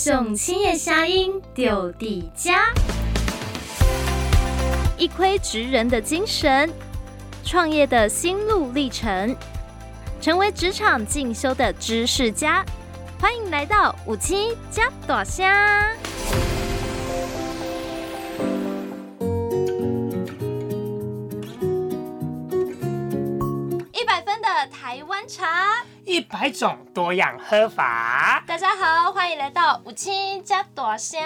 送青葉蝦英丟底加，一窺職人的精神，創業的心路歷程，成為職場進修的知識家。歡迎來到有青嘉大聲，一百分的台灣茶。一百種多樣喝法，大家好，歡迎來到有青嘉大聲。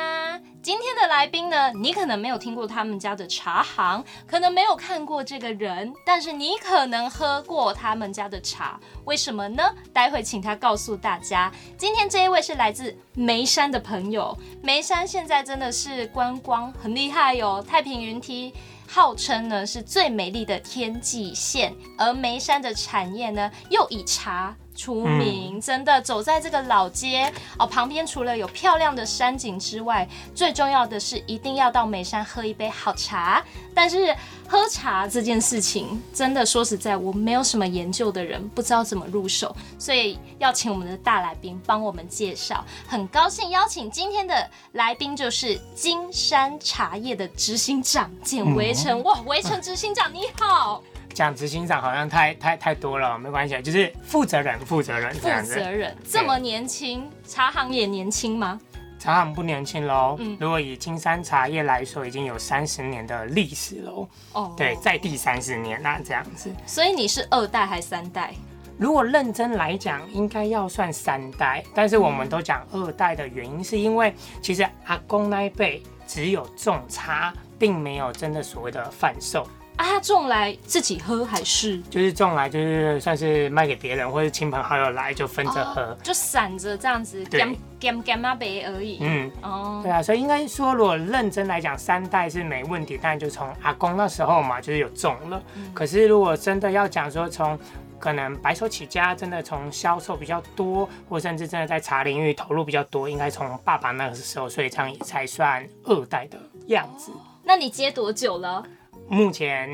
今天的來賓呢，你可能沒有聽過他們家的茶行，可能沒有看過這個人，但是你可能喝過他們家的茶，為什麼呢？待會請他告訴大家。今天這一位是來自梅山的朋友，梅山現在真的是觀光很厲害哦，太平雲梯號稱呢是最美麗的天際線，而梅山的產業呢又以茶，出名，真的走在這個老街哦，旁邊除了有漂亮的山景之外，最重要的是一定要到梅山喝一杯好茶。但是喝茶這件事情，真的說實在，我沒有什麼研究的人，不知道怎麼入手，所以要請我們的大來賓幫我們介紹。很高興邀請今天的來賓，就是金山茶葉的執行長簡維辰。哇，維辰執行長，你好。講執行長好像太太太多了，沒關係，就是負責人，負責人這樣子。負責人這麼年輕，茶行也年輕嗎？茶行不年輕嘍。嗯、如果以金山茶業來說，已經有三十年的歷史嘍。哦，對，在地三十年那、啊、這樣子。所以你是二代還是三代？如果認真來講，應該要算三代。但是我們都講二代的原因，是因為、嗯、其實阿公那一輩只有種茶，並沒有真的所謂的販售。啊、他種來自己喝還是？就是種來，就是算是賣給別人或是親朋好友來就分着喝，哦、就散着這樣子，gam gam gam 對啊杯而已。嗯，哦，對啊，所以應該說，如果認真來講，三代是沒問題。但就從阿公那時候嘛，就是有種了。嗯、可是如果真的要講說從，從可能白手起家，真的從銷售比較多，或甚至真的在茶領域投入比較多，應該從爸爸那個時候，所以這樣也才算二代的樣子。哦、那你接多久了？目前，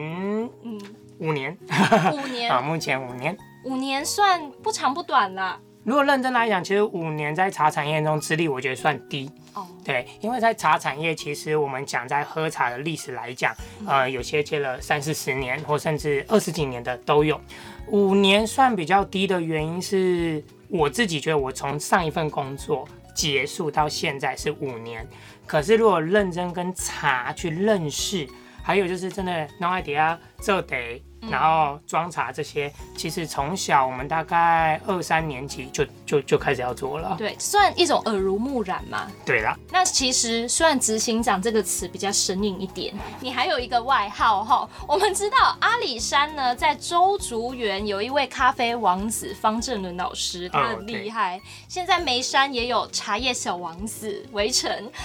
嗯，五年，啊 五年，目前五年，五年算不長不短了。如果認真來講，其實五年在茶產業中資歷，我覺得算低。哦，對，因為在茶產業，其實我們講在喝茶的歷史來講，嗯、呃，有些接了三四十年，或甚至二十幾年的都有。五年算比較低的原因是，我自己覺得我從上一份工作結束到現在是五年，可是如果認真跟茶去認識。還有就是真的，弄 i d 啊，no、idea，做得，然後裝茶這些，其實從小我們大概二三年級就就就開始要做了。對，算一種耳濡目染嘛。對啦。那其實雖然執行長這個詞比較生硬一點，你還有一個外號哈。我們知道阿里山呢，在鄒築園有一位咖啡王子方正倫老師，他很厲害。Oh, okay. 現在梅山也有茶葉小王子維辰。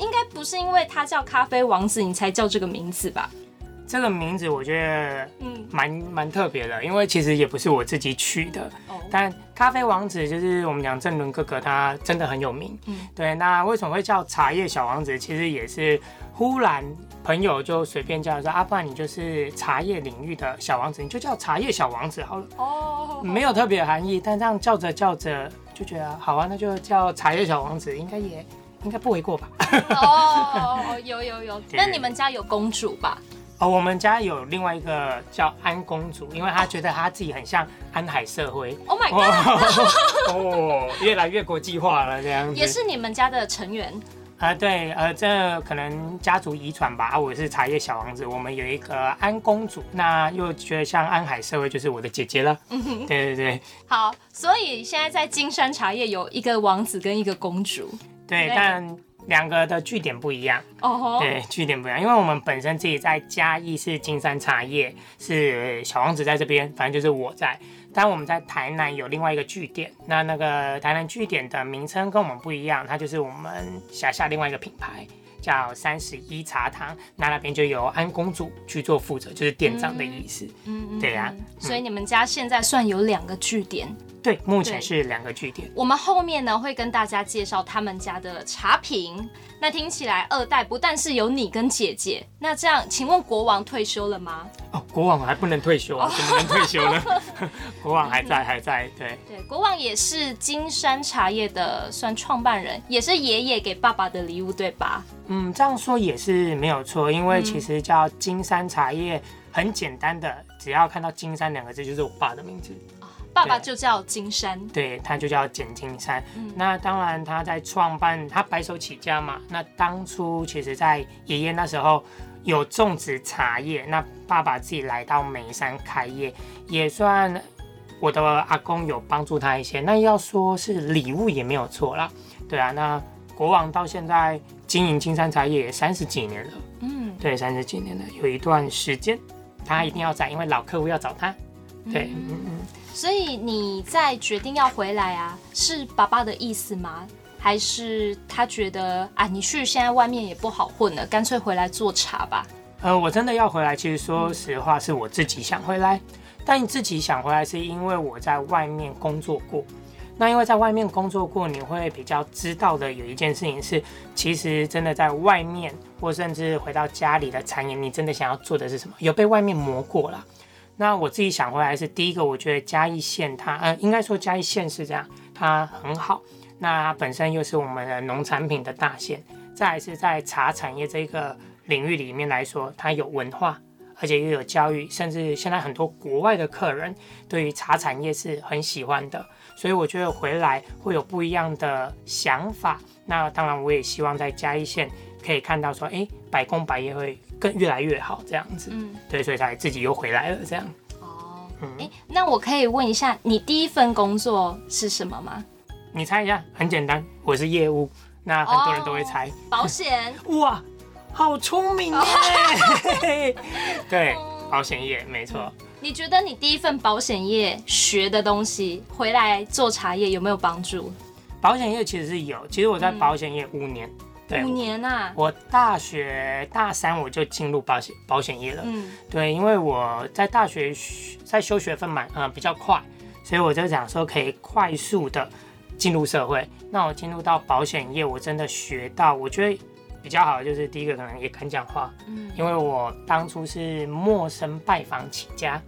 應該不是因為他叫咖啡王子，你才叫這個名字吧？這個名字我覺得蠻嗯，蠻蠻特別的，因為其實也不是我自己取的。哦。但咖啡王子就是我們講正倫哥哥，他真的很有名。嗯。對。那為什麼會叫茶葉小王子？其實也是忽然朋友就隨便叫說阿爸，啊，不然你就是茶葉領域的小王子，你就叫茶葉小王子好了。哦。沒有特別的含義，但這樣叫着叫着就覺得好啊，那就叫茶葉小王子，應該也，應該不為過吧？哦，有有有。 那你們家有公主吧？哦，我們家有另外一個叫安公主，啊、因為她覺得她自己很像安海社會。Oh my god！Oh, no! 哦，越來越國際化了，這樣子。也是你們家的成員啊、呃？對，呃，這可能家族遺傳吧、啊。我是茶葉小王子，我們有一個安公主，那又覺得像安海社會，就是我的姐姐了。嗯、哼對對對。好，所以現在在金山茶業有一個王子跟一個公主。對，Okay. 但兩個的據點不一樣。哦吼，對，據點不一樣，因為我們本身自己在嘉義是金山茶業，是小王子在這邊，反正就是我在。但我們在台南有另外一個據點，那那個台南據點的名稱跟我們不一樣，它就是我們轄下另外一個品牌叫三十揖茶堂。那那邊就由安公主去做負責，就是店長的意思。嗯對呀、啊。嗯、所以你們家現在算有兩個據點。對，目前是兩個據點。我們後面呢，會跟大家介紹他們家的茶品。那聽起來二代不但是有你跟姐姐，那這樣請問國王退休了嗎？哦，國王還不能退休啊，哦、怎麼能退休呢？ 國王還在，還在。對對，國王也是金山茶葉的算創辦人，也是爺爺給爸爸的禮物，對吧？嗯，這樣說也是沒有錯，因為其實叫金山茶葉、嗯、很簡單的，只要看到金山兩個字就是我爸的名字。爸爸就叫金山，對，他就叫簡金山。嗯、那當然，他在創辦，他白手起家嘛。那當初其實，在爺爺那時候有種植茶葉，那爸爸自己來到梅山開業，也算我的阿公有幫助他一些。那要說是禮物也沒有錯啦。對啊，那國王到現在經營金山茶業也三十幾年了，嗯，對，三十幾年了。有一段時間他一定要在，因為老客戶要找他。對，嗯嗯。嗯嗯所以你在決定要回來啊？是爸爸的意思嗎？還是他覺得啊，你去現在外面也不好混了，乾脆回來做茶吧？呃，我真的要回來，其實說實話是我自己想回來。但你自己想回來，是因為我在外面工作過。那因為在外面工作過，你會比較知道的有一件事情是，其實真的在外面，或甚至回到家裡的產業，你真的想要做的是什麼？有被外面磨過了。那我自己想回來是第一個，我覺得嘉義縣它，呃，應該說嘉義縣是這樣，它很好。那它本身又是我們的農產品的大縣，再是在茶產業這個領域裡面來說，它有文化，而且又有教育，甚至現在很多國外的客人對於茶產業是很喜歡的。所以我覺得回來會有不一樣的想法。那當然，我也希望在嘉義縣可以看到說，哎、欸，百工百業會。更越來越好，這樣子，嗯，對，所以才自己又回來了，這樣。哦，哎，那我可以問一下，你第一份工作是什麼嗎？你猜一下，很簡單，我是業務，那很多人都會猜，哦，保險。 哇，好聰明，哦， 對，保險業沒錯，嗯。你覺得你第一份保險業學的東西回來做茶葉有沒有幫助？保險業其實是有，其實我在保險業五年。嗯對，五年啊，我大學大三我就進入保險保險業了。嗯，對，因為我在大學學，在修學分嘛，嗯、呃，比較快，所以我就想說可以快速的進入社會。那我進入到保險業，我真的學到，我覺得比較好的就是第一個可能也敢講話。嗯，因為我當初是陌生拜訪起家，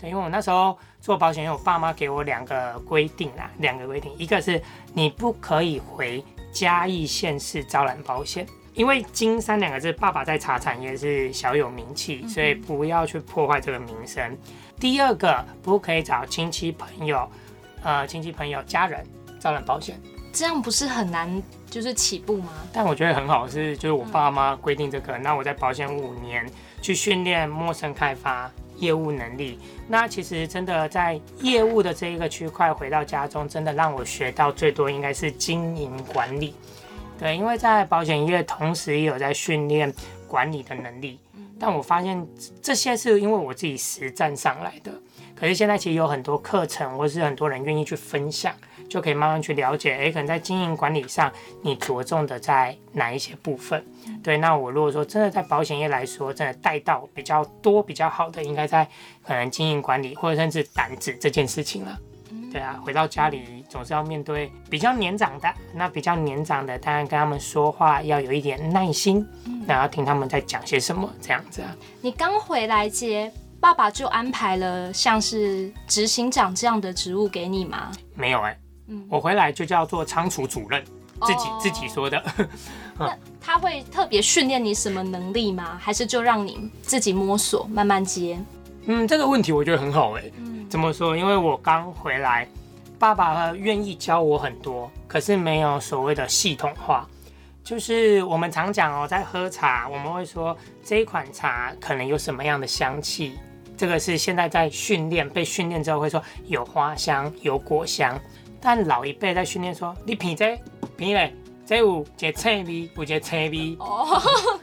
對，因為我那時候做保險業，我爸媽給我兩個規定啦，兩個規定，一個是你不可以回。嘉義縣市招攬保險，因為金山兩個字，爸爸在茶產業是小有名氣，所以不要去破壞這個名聲。嗯哼。第二個，不可以找親戚朋友，呃，親戚朋友家人招攬保險，這樣不是很難就是起步嗎？但我覺得很好是，是就是我爸媽規定這個，嗯、那我在保險五年去訓練陌生開發業務能力，那其實真的在業務的這一個區塊，回到家中，真的讓我學到最多應該是經營管理，對，因為在保險業同時也有在訓練管理的能力，但我發現這些是因為我自己實戰上來的，可是現在其實有很多課程或是很多人願意去分享，就可以慢慢去了解，誒，可能在經營管理上，你着重的在哪一些部分？嗯、對，那我如果說真的在保險業來說，真的帶到比較多、比較好的，應該在可能經營管理或者甚至膽子這件事情了。嗯、對啊，回到家裡總是要面對比較年長的，那比較年長的，當然跟他們說話要有一點耐心，嗯、然後聽他們在講些什麼、嗯、這樣子啊。你剛回來接爸爸就安排了像是執行長這樣的職務給你嗎？沒有哎、欸。嗯、我回來就叫做倉儲主任，自己、oh, 自己說的。 那他會特別訓練你什麼能力嗎？還是就讓你自己摸索，慢慢接？嗯，這個問題我覺得很好誒、欸。嗯、怎麼說？因為我剛回來，爸爸他願意教我很多，可是沒有所謂的系統化。就是我們常講哦、喔，在喝茶，Okay. 我們會說這一款茶可能有什麼樣的香氣。這個是現在在訓練，被訓練之後會說有花香，有果香。但老一輩在訓練說，你品這，品咧，這有這青味，有這青味、oh.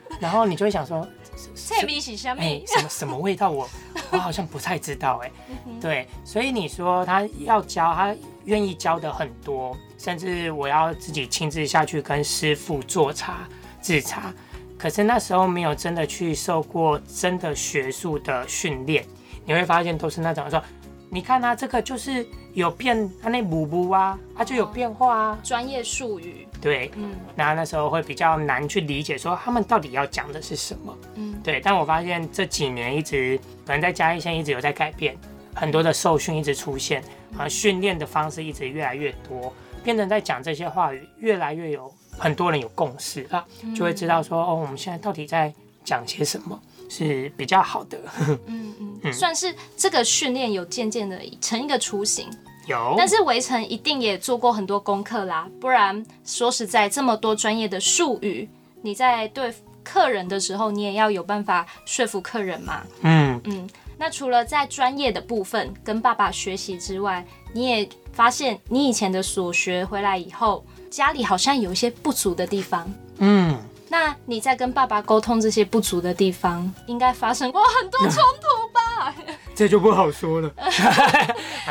嗯。然後你就會想說，青味是什麼味、欸？什麼什麼味道我？我 我好像不太知道哎。對，所以你說他要教，他願意教的很多，甚至我要自己親自下去跟師傅做茶、制茶。可是那時候沒有真的去受過真的學術的訓練，你會發現都是那種說。你看他、啊、這個就是有變，它那步步啊，它就有變化啊。專、哦、業術語，對，嗯，然後那時候會比較難去理解，說他們到底要講的是什麼，嗯，對。但我發現這幾年一直，可能在嘉義縣一直有在改變，很多的受訓一直出現，像訓練的方式一直越來越多，變成在講這些話語，越來越有很多人有共識啊，就會知道說，嗯、哦，我們現在到底在講些什麼。是比較好的， 嗯嗯，算是這個訓練有漸漸的成一個雛形，有。但是維辰一定也做過很多功課啦，不然說實在這麼多專業的術語，你在對客人的時候，你也要有辦法說服客人嘛。嗯嗯。那除了在專業的部分跟爸爸學習之外，你也發現你以前的所學回來以後，家裡好像有一些不足的地方。嗯。那你在跟爸爸溝通這些不足的地方，應該發生過很多衝突吧？啊，這就不好說了。 好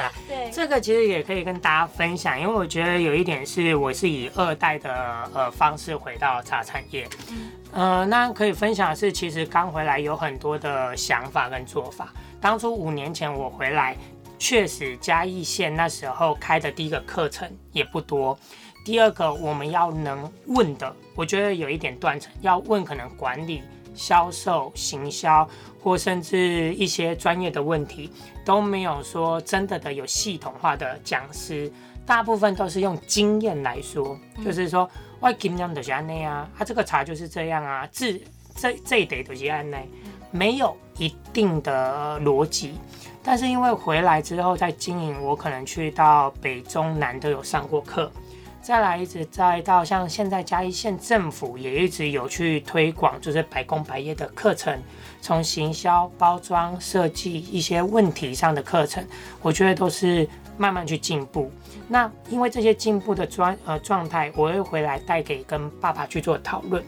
啦，對，這個其實也可以跟大家分享，因為我覺得有一點是，我是以二代的呃方式回到茶產業，嗯。呃，那可以分享的是，其實剛回來有很多的想法跟做法。當初五年前我回來，確實嘉義縣那時候開的第一個課程也不多。第二個我們要能問的，我覺得有一點斷層。要問可能管理、銷售、行銷，或甚至一些專業的問題，都沒有說真的的有系統化的講師，大部分都是用經驗來說，嗯、就是說，我基本上都是安內啊，他、啊、這個茶就是這樣啊，這這這一代都是沒有一定的邏輯。但是因為回來之後在經營，我可能去到北、中、南都有上過課。再來一直再到像現在嘉義縣政府也一直有去推廣，就是百工百業的課程，從行銷、包裝、設計一些問題上的課程，我覺得都是慢慢去進步。那因為這些進步的專呃狀態，我會回來帶給跟爸爸去做討論。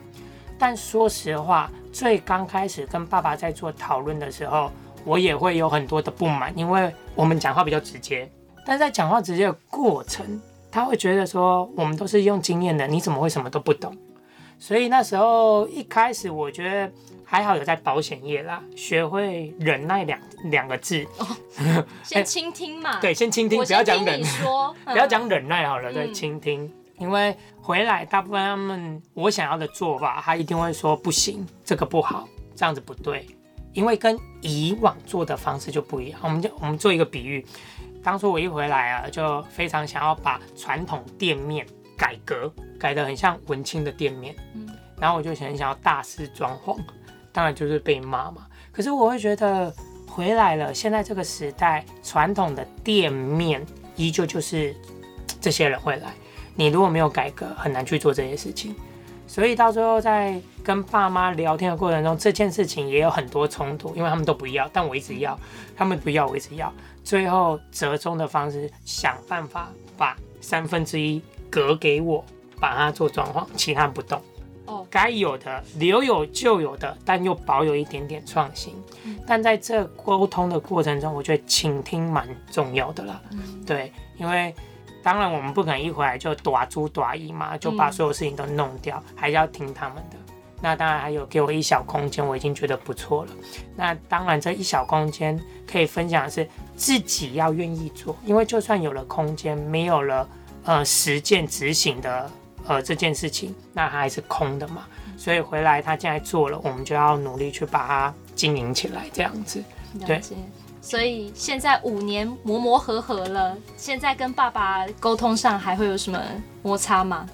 但說實話，最剛開始跟爸爸在做討論的時候，我也會有很多的不滿，因為我們講話比較直接，但在講話直接的過程。他會覺得說，我們都是用經驗的，你怎麼會什麼都不懂？所以那時候一開始，我覺得還好有在保險業啦，學會忍耐兩兩個字，哦、先傾聽嘛、 欸。對，先傾聽，聽不要講忍耐、嗯， 不要講忍耐好了，對，傾聽。嗯、因為回來大部分他們我想要的做法，他一定會說不行，這個不好，這樣子不對，因為跟以往做的方式就不一樣。我們就我們做一個比喻。當初我一回來啊，就非常想要把傳統店面改革，改得很像文青的店面。嗯，然後我就很想要大肆裝潢，當然就是被罵嘛。可是我會覺得回來了，現在這個時代，傳統的店面依舊就是這些人會來，你如果沒有改革，很難去做這些事情。所以到最後，在跟爸媽聊天的過程中，這件事情也有很多衝突，因為他們都不要，但我一直要，他們不要，我一直要，最後折中的方式，想辦法把三分之一隔給我，把它做裝潢，其他不動。哦，該有的留有就有的，但又保有一點點創新。嗯、但在這溝通的過程中，我覺得傾聽蠻重要的啦。嗯、行對，因為。當然，我們不可能一回來就大主大意嘛，就把所有事情都弄掉，嗯、還是要聽他們的。那當然還有給我一小空間，我已經覺得不錯了。那當然這一小空間可以分享的是自己要願意做，因為就算有了空間，沒有了呃實踐執行的呃這件事情，那它還是空的嘛。所以回來他現在做了，我們就要努力去把它經營起來，這樣子。了解。對。所以現在五年磨磨合合了，現在跟爸爸溝通上還會有什麼摩擦嗎？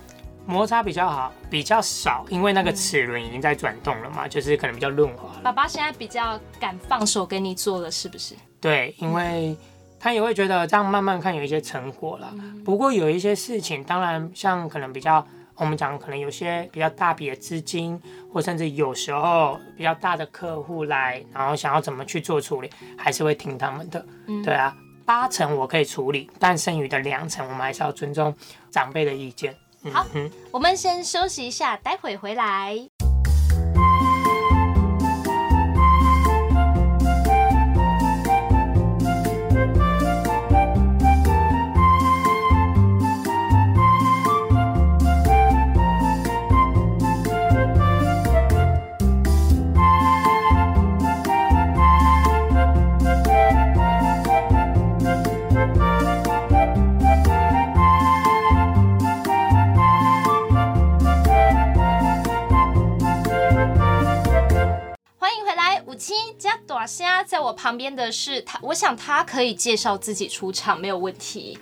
摩擦比較好，比較少，因為那個齒輪已經在轉動了嘛，嗯、就是可能比較潤滑了。爸爸現在比較敢放手給你做了，是不是？對，因為他也會覺得這樣慢慢看有一些成果了。嗯、不過有一些事情，當然像可能比較。我們講可能有些比較大筆的資金，或甚至有時候比較大的客戶來，然後想要怎麼去做處理，還是會聽他們的。嗯、對啊，八成我可以處理，但剩餘的兩成我們還是要尊重長輩的意見。好，嗯、我們先休息一下，待會回來。嘉大聲，在我旁邊的是他，我想他可以介紹自己出場，沒有問題。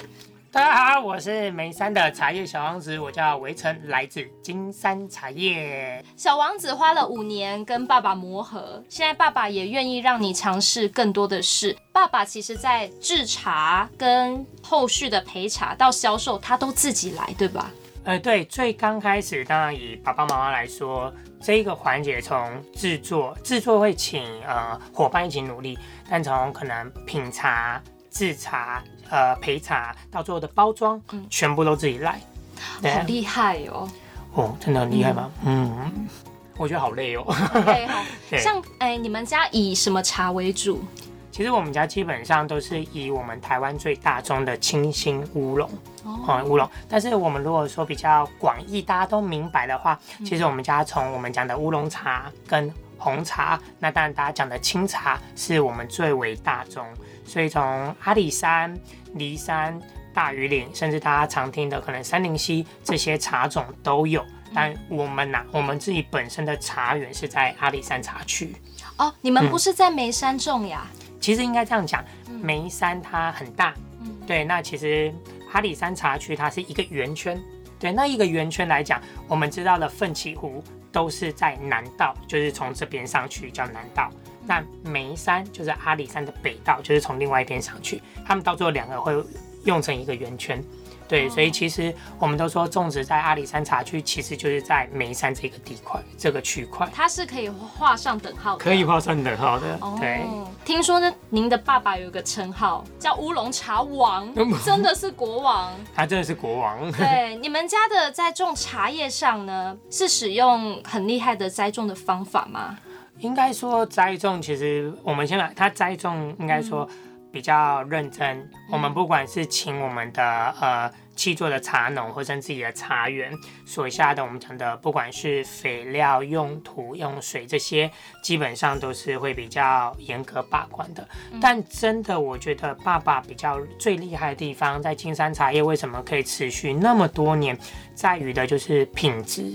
大家好，我是梅山的茶葉小王子，我叫維辰，來自金山茶葉。小王子花了五年跟爸爸磨合，現在爸爸也願意讓你嘗試更多的事。爸爸其實在製茶跟後續的陪茶到銷售，他都自己來，對吧？呃、對，最剛開始當然以爸爸媽媽來說，這一個環節從制作製作會請呃夥伴一起努力，但從可能品茶、製茶、呃焙茶到最後的包裝，全部都自己來。嗯啊、好厲害哦！哦，真的很厲害嗎？嗯，我覺得好累哦。對，好，對，像哎，你們家以什麼茶為主？其實我們家基本上都是以我們台灣最大宗的青心烏龍，哦烏龍，但是我們如果說比較廣義，大家都明白的話，嗯、其實我們家從我們講的烏龍茶跟紅茶，那當然大家講的清茶是我們最為大宗，所以從阿里山、梨山、大禹嶺，甚至大家常聽的可能杉林溪這些茶種都有。但我們呢、啊，我們自己本身的茶園是在阿里山茶區。哦，你們不是在梅山種呀？嗯其實應該這樣講，梅山它很大，嗯、對，那其實阿里山茶區它是一個圓圈，對，那一個圓圈來講，我們知道的奮起湖都是在南道，就是從這邊上去叫南道，嗯、那梅山就是阿里山的北道，就是從另外一邊上去，他們到最後兩個會用成一個圓圈。對，所以其實我們都說種植在阿里山茶區，其實就是在梅山這個地塊、這個區塊，它是可以畫上等號的。可以畫上等號的。Oh, 對，聽說呢，您的爸爸有一個稱號叫烏龍茶王， 真的是國王？他真的是國王。對，你們家的栽種茶葉上呢，是使用很厲害的栽種的方法嗎？應該說栽種，其實我們先來，他栽種應該說、嗯。比較認真，我們不管是請我們的呃，七座的茶農，或者自己的茶園，所下的我們講的，不管是肥料用土、用水這些，基本上都是會比較嚴格把關的。嗯、但真的，我覺得爸爸比較最厲害的地方，在金山茶業為什麼可以持續那麼多年，在於的就是品質，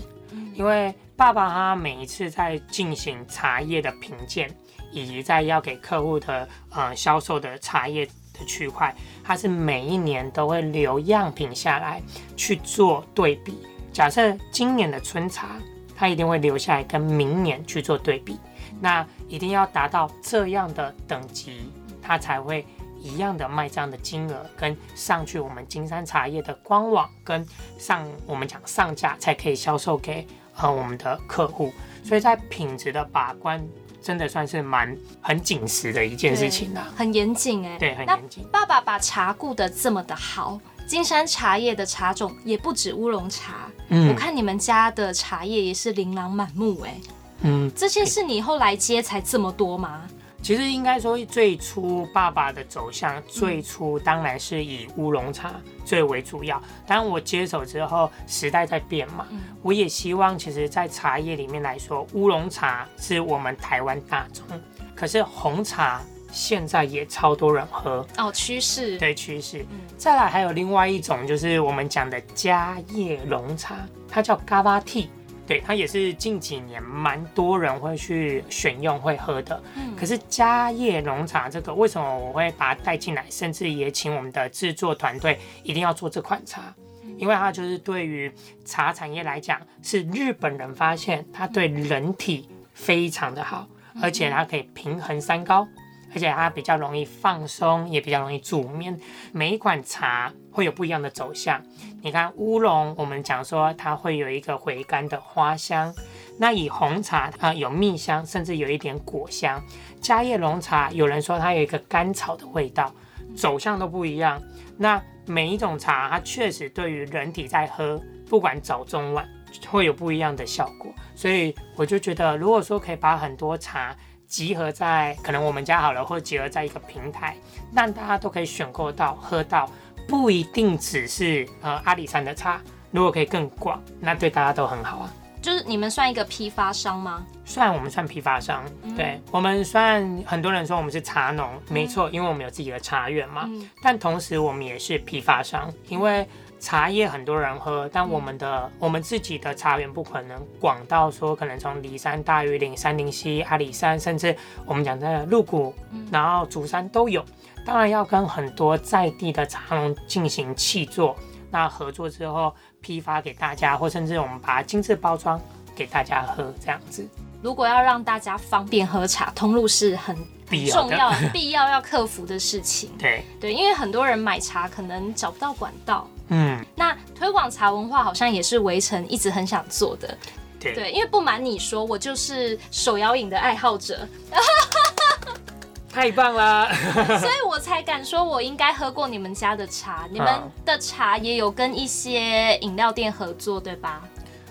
因為爸爸他每一次在進行茶葉的品鑑。以及在要給客戶的呃、嗯、銷售的茶葉的區塊，它是每一年都會留樣品下來去做對比。假設今年的春茶，它一定會留下來跟明年去做對比。那一定要達到這樣的等級，它才會一樣的賣這樣的金額，跟上去我們金山茶業的官網，跟上我們講上架才可以銷售給呃、嗯、我們的客戶。所以在品質的把關真的算是蠻很緊實的一件事情啦，很嚴謹哎，對，很嚴謹、欸。那爸爸把茶顧得這麼的好，金山茶葉的茶種也不止烏龍茶，嗯、我看你們家的茶葉也是琳琅滿目哎、欸，嗯，這些是你以後來接才這麼多嗎？欸其實應該說，最初爸爸的走向，最初當然是以烏龍茶最為主要。嗯、但我接手之後，時代在變嘛，嗯、我也希望，其實，在茶葉裡面來說，烏龍茶是我們台灣大宗，可是紅茶現在也超多人喝哦，趨勢對趨勢。趨勢嗯、再來還有另外一種，就是我們講的佳葉龍茶，它叫 GABA tea。對，它也是近幾年蠻多人會去選用、會喝的。嗯、可是家葉濃茶佳葉龍茶這個，為什麼我會把它帶進來？甚至也請我們的製作團隊一定要做這款茶，嗯、因為它就是對於茶產業來講，是日本人發現它對人體非常的好，嗯、而且它可以平衡三高。而且它比較容易放鬆，也比較容易助眠。每一款茶會有不一樣的走向。你看烏龍，我們講說它會有一個回甘的花香。那以紅茶啊，它有蜜香，甚至有一點果香。佳葉龍茶有人說它有一個甘草的味道，走向都不一樣。那每一種茶，它確實對於人體在喝，不管早中晚，會有不一樣的效果。所以我就覺得，如果說可以把很多茶，集合在可能我們家好了，或者集合在一個平台，但大家都可以選購到、喝到，不一定只是呃阿里山的茶。如果可以更廣，那對大家都很好啊。就是你們算一個批發商嗎？算，我們算批發商，嗯、對，我們算很多人說我們是茶農，嗯、沒錯，因為我們有自己的茶園嘛。嗯、但同時我們也是批發商，因為。茶葉很多人喝，但我們的、嗯、我們自己的茶園不可能廣到說，可能從梨山大禹嶺、杉林溪、阿、啊、里山，甚至我們講的鹿谷，嗯、然後竹山都有。當然要跟很多在地的茶農進行契作，那合作之後批發給大家，或甚至我們把它精緻包裝給大家喝這樣子。如果要讓大家方便喝茶，通路是很，很重要、必要， 必要要克服的事情。對對，因為很多人買茶可能找不到管道。嗯，那推廣茶文化好像也是維辰一直很想做的，對，對，因為不瞞你說，我就是手搖飲的愛好者， 太棒了， 所以我才敢說我應該喝過你們家的茶，你們的茶也有跟一些飲料店合作，對吧？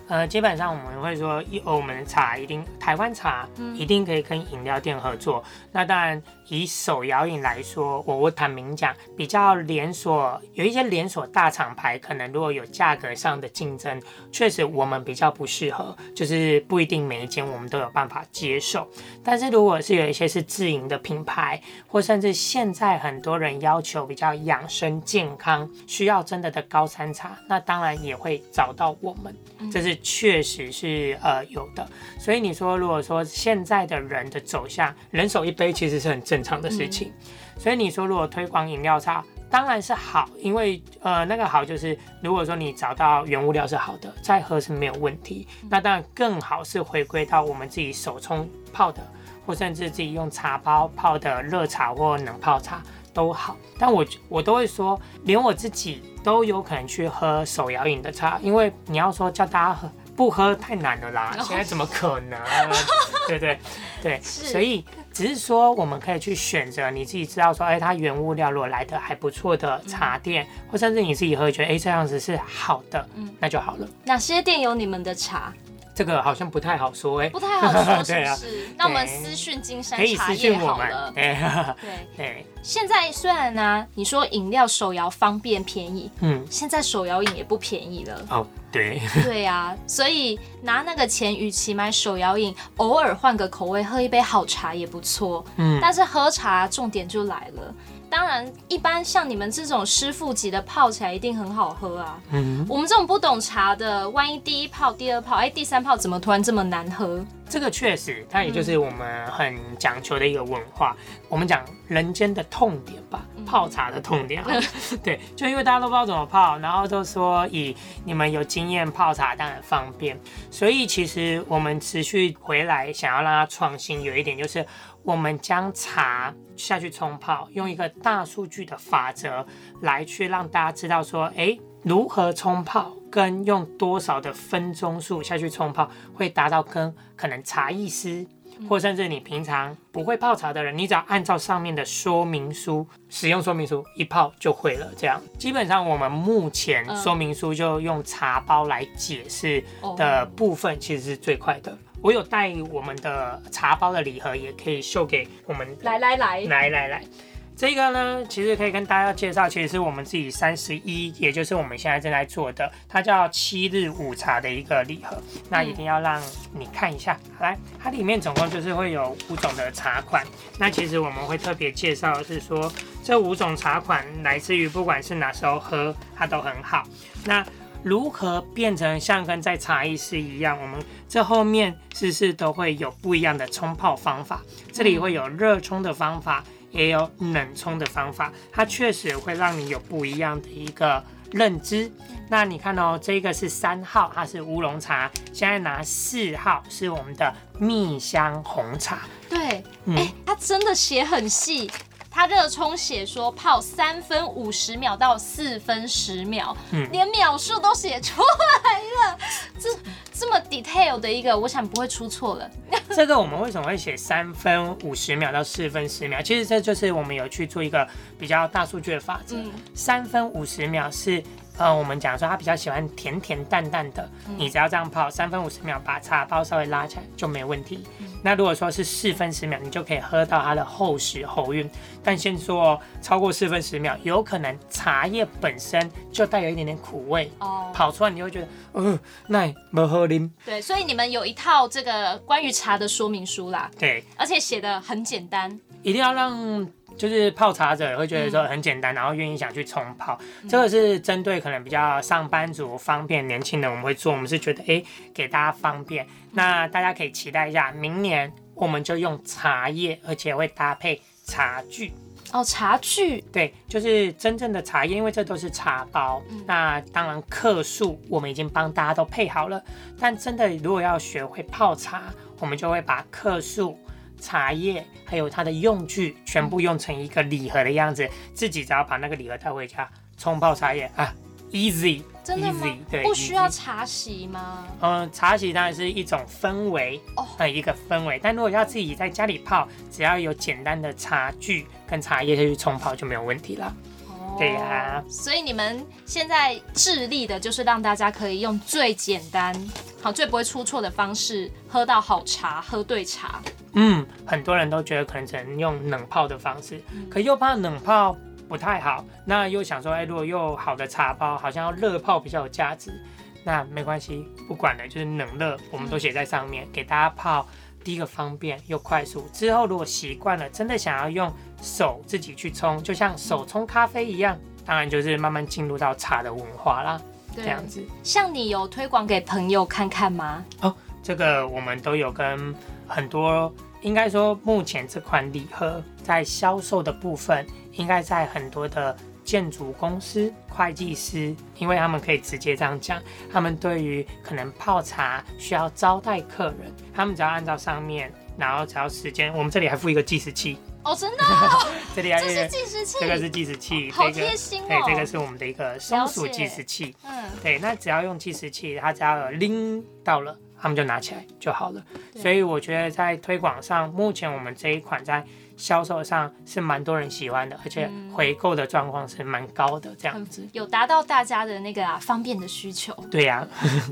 呃，基本上我們會說，一我們的茶一定台灣茶，一定可以跟飲料店合作，嗯，那當然。以手搖飲來說，我我坦明講，比較連鎖有一些連鎖大廠牌，可能如果有價格上的競爭，確實我們比較不適合，就是不一定每一間我們都有辦法接受。但是如果是有一些是自營的品牌，或甚至現在很多人要求比較養生健康，需要真的的高山茶，那當然也會找到我們，這是確實是呃有的。所以你說，如果說現在的人的走向，人手一杯其實是很正。正常的事情，嗯、所以你說如果推廣飲料茶當然是好，因為呃那個好就是如果說你找到原物料是好的，再喝是沒有問題。那當然更好是回歸到我們自己手沖泡的，或甚至自己用茶包泡的熱茶或冷泡茶都好。但我我都會說，連我自己都有可能去喝手搖飲的茶，因為你要說叫大家喝不喝太難了啦，現在怎麼可能？ 對對對，對是所以。只是說，我們可以去選擇你自己知道說，哎、欸，它原物料如果來的還不錯的茶店，嗯、或甚至你自己喝覺得，哎、欸，這樣子是好的，嗯、那就好了。哪些店有你們的茶？這個好像不太好說，哎、欸，不太好說是不是？ 啊、那我們私訊金山茶業好了。對、哎、對，對對，現在雖然呢、啊，你說飲料手搖方便便宜，嗯，現在手搖飲也不便宜了。哦，對。對呀、啊，所以拿那個錢，與其買手搖飲，偶爾換個口味喝一杯好茶也不錯。嗯，但是喝茶重點就來了。當然，一般像你們這種師傅級的泡起來一定很好喝啊。嗯哼，我們這種不懂茶的，萬一第一泡、第二泡，哎，第三泡怎麼突然這麼難喝？這個確實，它也就是我們很講求的一個文化。嗯、我們講人間的痛點吧，泡茶的痛點、啊。嗯、 對，就因為大家都不知道怎麼泡，然後都說以你們有經驗泡茶當然方便，所以其實我們持續回來想要讓它創新，有一點就是。我們將茶下去沖泡，用一個大數據的法則來去讓大家知道說，哎，如何沖泡跟用多少的分鐘數下去沖泡會達到跟可能茶藝師，或甚至你平常不會泡茶的人，你只要按照上面的說明書、使用說明書一泡就會了。這樣，基本上我們目前說明書就用茶包來解釋的部分，其實是最快的。我有帶我們的茶包的禮盒，也可以秀給我們。來來來來來來，這個呢，其實可以跟大家介紹，其實是我們自己三十揖，也就是我們現在正在做的，它叫七日午茶的一個禮盒。那一定要讓你看一下，嗯、來，它裡面總共就是會有五種的茶款。那其實我們會特別介紹是說，這五種茶款來自於不管是哪時候喝，它都很好。那如何變成像跟在茶藝師一樣？我們這後面是不是都會有不一樣的沖泡方法，這裡會有熱沖的方法，也有冷沖的方法，它確實會讓你有不一樣的一個認知。那你看哦，這個是三號，它是烏龍茶，現在拿四號是我們的蜜香紅茶。對，哎，嗯，欸，它真的寫很細。他熱衷寫說，泡三分五十秒到四分十秒，嗯、連秒數都寫出來了，這這麼 detail 的一個，我想不會出錯了。 這個我們為什麼會寫三分五十秒到四分十秒？其實這就是我們有去做一個比較大數據的法則。嗯、三分五十秒是。呃、嗯，我們講說他比較喜歡甜甜淡淡的，嗯、你只要這樣泡三分五十秒，把茶包稍微拉起來就沒問題。嗯、那如果說是四分十秒，你就可以喝到它的厚實喉韻。但先說哦，超過四分十秒，有可能茶葉本身就帶有一點點苦味哦，泡出來你就會覺得，呃，那沒喝啉。對，所以你們有一套這個關於茶的說明書啦，對，而且寫得很簡單，一定要讓。就是泡茶者會覺得說很簡單，嗯、然後願意想去沖泡，嗯、這個是針對可能比較上班族方便，年輕人，我們會做。我們是覺得，誒，給大家方便。嗯、那大家可以期待一下，明年我們就用茶葉，而且會搭配茶具。哦，茶具，對，就是真正的茶葉，因為這都是茶包。嗯、那當然克數，我們已經幫大家都配好了。但真的如果要學會泡茶，我們就會把克數。茶葉還有它的用具，全部用成一個禮盒的樣子，嗯、自己只要把那個禮盒帶回家，沖泡茶葉啊，easy，真的嗎？Easy，對，不需要茶席嗎？嗯，茶席當然是一種氛圍，呃、嗯，一個氛圍。但如果要自己在家裡泡，只要有簡單的茶具跟茶葉去沖泡，就沒有問題了。對呀、啊、所以你們現在致力的就是讓大家可以用最簡單、好、最不會出錯的方式喝到好茶、喝對茶。嗯，很多人都覺得可能只能用冷泡的方式，嗯、可又怕冷泡不太好，那又想說，哎，如果用好的茶包，好像要熱泡比較有價值。那沒關係，不管了，就是冷熱我們都寫在上面，嗯、給大家泡，第一個方便又快速。之後如果習慣了，真的想要用。手自己去沖，就像手沖咖啡一樣，嗯、當然就是慢慢進入到茶的文化啦。對這樣子，像你有推廣給朋友看看嗎？哦，這個我們都有跟很多，應該說目前這款禮盒在銷售的部分，應該在很多的建築公司、會計師，因為他們可以直接這樣講，他們對於可能泡茶需要招待客人，他們只要按照上面，然後只要時間，我們這裡還附一個計時器。哦，oh, 真的， 這裡是計時器，這個是計時器，這個、好貼心哦。對，這個是我們的一個松鼠計時器，嗯，對。那只要用計時器，它只要拎到了，他們就拿起來就好了。對所以我覺得在推廣上，目前我們這一款在銷售上是蠻多人喜歡的，而且回購的狀況是蠻高的。這樣子、嗯、有達到大家的那個、啊、方便的需求。對呀，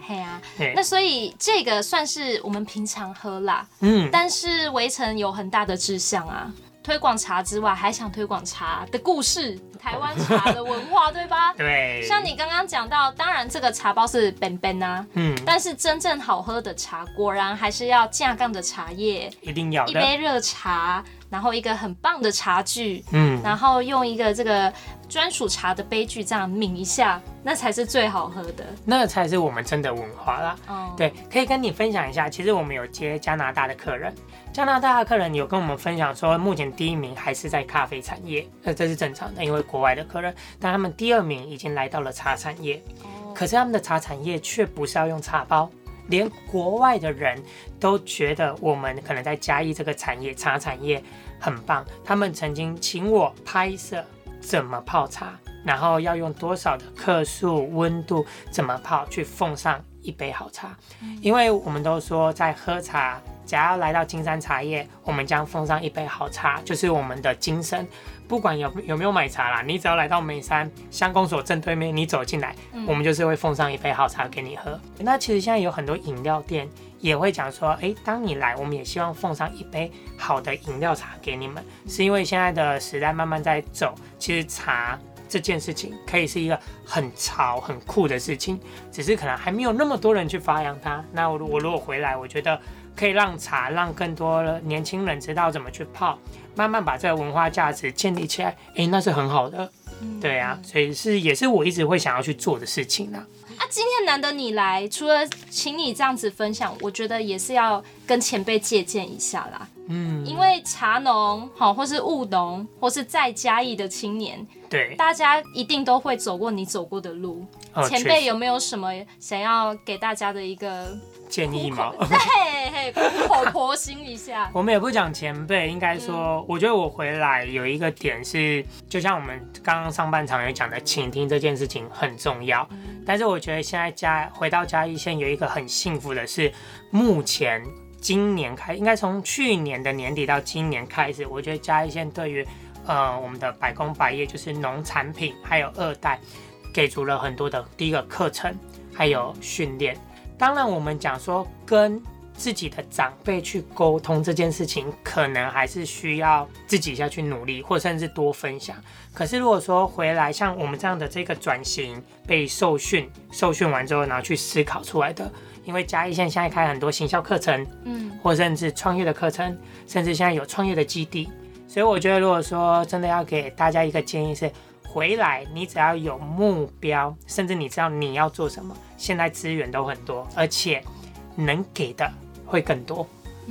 對呀。那所以這個算是我們平常喝啦，嗯。但是維辰有很大的志向啊。推廣茶之外，還想推廣茶的故事，台灣茶的文化， 對，對吧？對。像你剛剛講到，當然這個茶包是 benben ben、啊、嗯，但是真正好喝的茶，果然還是要架槓的茶葉，一定要的。一杯熱茶，然後一個很棒的茶具，嗯，然後用一個這個。專屬茶的杯具這樣抿一下，那才是最好喝的，那才是我們真的文化啦。哦，oh. 對，可以跟你分享一下，其實我們有接加拿大的客人，加拿大的客人有跟我們分享說，目前第一名還是在咖啡產業，那這是正常的，因為國外的客人，但他們第二名已經來到了茶產業，oh. 可是他們的茶產業卻不是要用茶包，連國外的人都覺得我們可能在嘉義這個產業，茶產業很棒，他們曾經請我拍攝。怎麼泡茶？然後要用多少的克數？溫度怎麼泡？去奉上一杯好茶，因為我們都說在喝茶，只要來到金山茶業，我們將奉上一杯好茶，就是我們的精神。不管有有沒有買茶啦，你只要來到梅山鄉公所正對面，你走進來，我們就是會奉上一杯好茶給你喝。嗯、那其實現在有很多飲料店也會講說，誒，當你來，我們也希望奉上一杯好的飲料茶給你們，是因為現在的時代慢慢在走，其實茶這件事情可以是一個很潮、很酷的事情，只是可能還沒有那麼多人去發揚它。那我如果回來，我覺得可以讓茶讓更多的年輕人知道怎麼去泡，慢慢把這個文化價值建立起來，哎，那是很好的。是對啊，所以是也是我一直會想要去做的事情呢、啊。啊，今天難得你來，除了請你這樣子分享，我覺得也是要跟前輩借鑑一下啦。嗯，因為茶農，好或是務農或是在嘉義的青年，對大家一定都會走過你走過的路。Oh, 前輩有沒有什麼想要給大家的一個建議嗎？嘿嘿，苦口婆心一下。我們也不講前輩，應該說，我覺得我回來有一個點是，就像我們剛剛上半場有講的，傾聽這件事情很重要。但是我覺得現在加回到嘉義縣有一個很幸福的是，目前今年開，應該從去年的年底到今年開始，我覺得嘉義縣對於呃我們的百工百業，就是農產品還有二代，給足了很多的第一個課程還有訓練。當然，我們講說跟自己的長輩去溝通這件事情，可能還是需要自己下去努力，或甚至多分享。可是如果說回來像我們這樣的這個轉型被受訓，受訓完之後然後去思考出來的，因為嘉義縣現在，現在開很多行銷課程，嗯，或甚至創業的課程，甚至現在有創業的基地，所以我覺得如果說真的要給大家一個建議是，回來你只要有目標，甚至你知道你要做什麼。現在資源都很多，而且能給的會更多。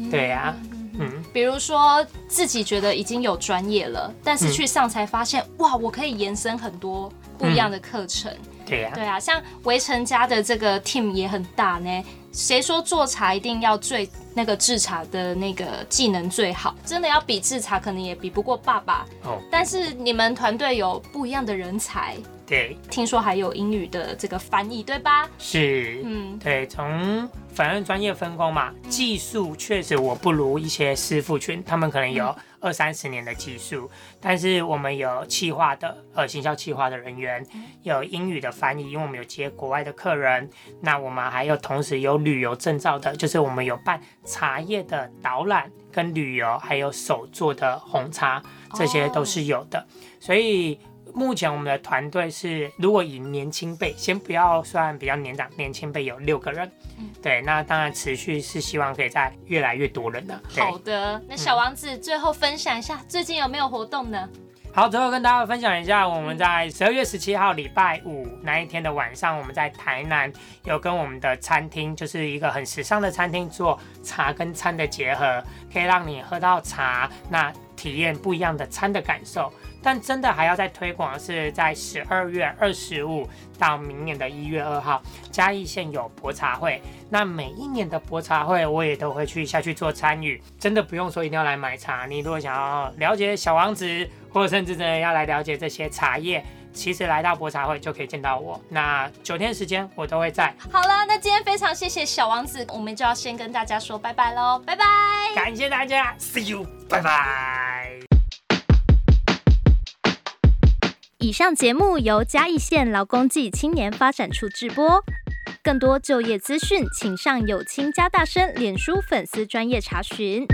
對呀，嗯，啊、嗯比如說自己覺得已經有專業了，但是去上才發現，嗯、哇，我可以延伸很多不一樣的課程。嗯、對呀、啊，對啊，像維辰家的這個 team 也很大呢。誰說做茶一定要最那個製茶的那個技能最好？真的要比製茶，可能也比不過爸爸。哦、但是你們團隊有不一樣的人才。對，聽說還有英語的這個翻譯，對吧？是，嗯，對，從反正專業分工嘛，技術確實我不如一些師傅群，他們可能有二三十年的技術，嗯、但是我們有企劃的，呃，行銷企劃的人員，有英語的翻譯，因為我們有接國外的客人，那我們還有同時有旅遊證照的，就是我們有辦茶葉的導覽跟旅遊，還有手做的紅茶，這些都是有的，哦、所以。目前我們的團隊是，如果以年輕輩，先不要算比較年長，年輕輩有六個人，嗯、對，那當然持續是希望可以再越來越多人的。嗯、對好的，那小王子、嗯、最後分享一下，最近有沒有活動呢？好，最後跟大家分享一下，我們在十二月十七號禮拜五、嗯、那一天的晚上，我們在台南有跟我們的餐廳，就是一個很時尚的餐廳做茶跟餐的結合，可以讓你喝到茶，那體驗不一樣的餐的感受。但真的還要再推廣，是在十二月二十五到明年的一月二號，嘉義縣有博茶會。那每一年的博茶會，我也都會去下去做參與。真的不用說一定要來買茶，你如果想要了解小王子，或者甚至呢要來了解這些茶葉，其實來到博茶會就可以見到我。那九天時間我都會在。好了，那今天非常謝謝小王子，我們就要先跟大家說拜拜嘍，拜拜。感謝大家，See you，拜拜。以上節目由嘉義縣勞工暨青年發展處直播，更多就業資訊，請上有青嘉大聲臉書粉絲專業查詢。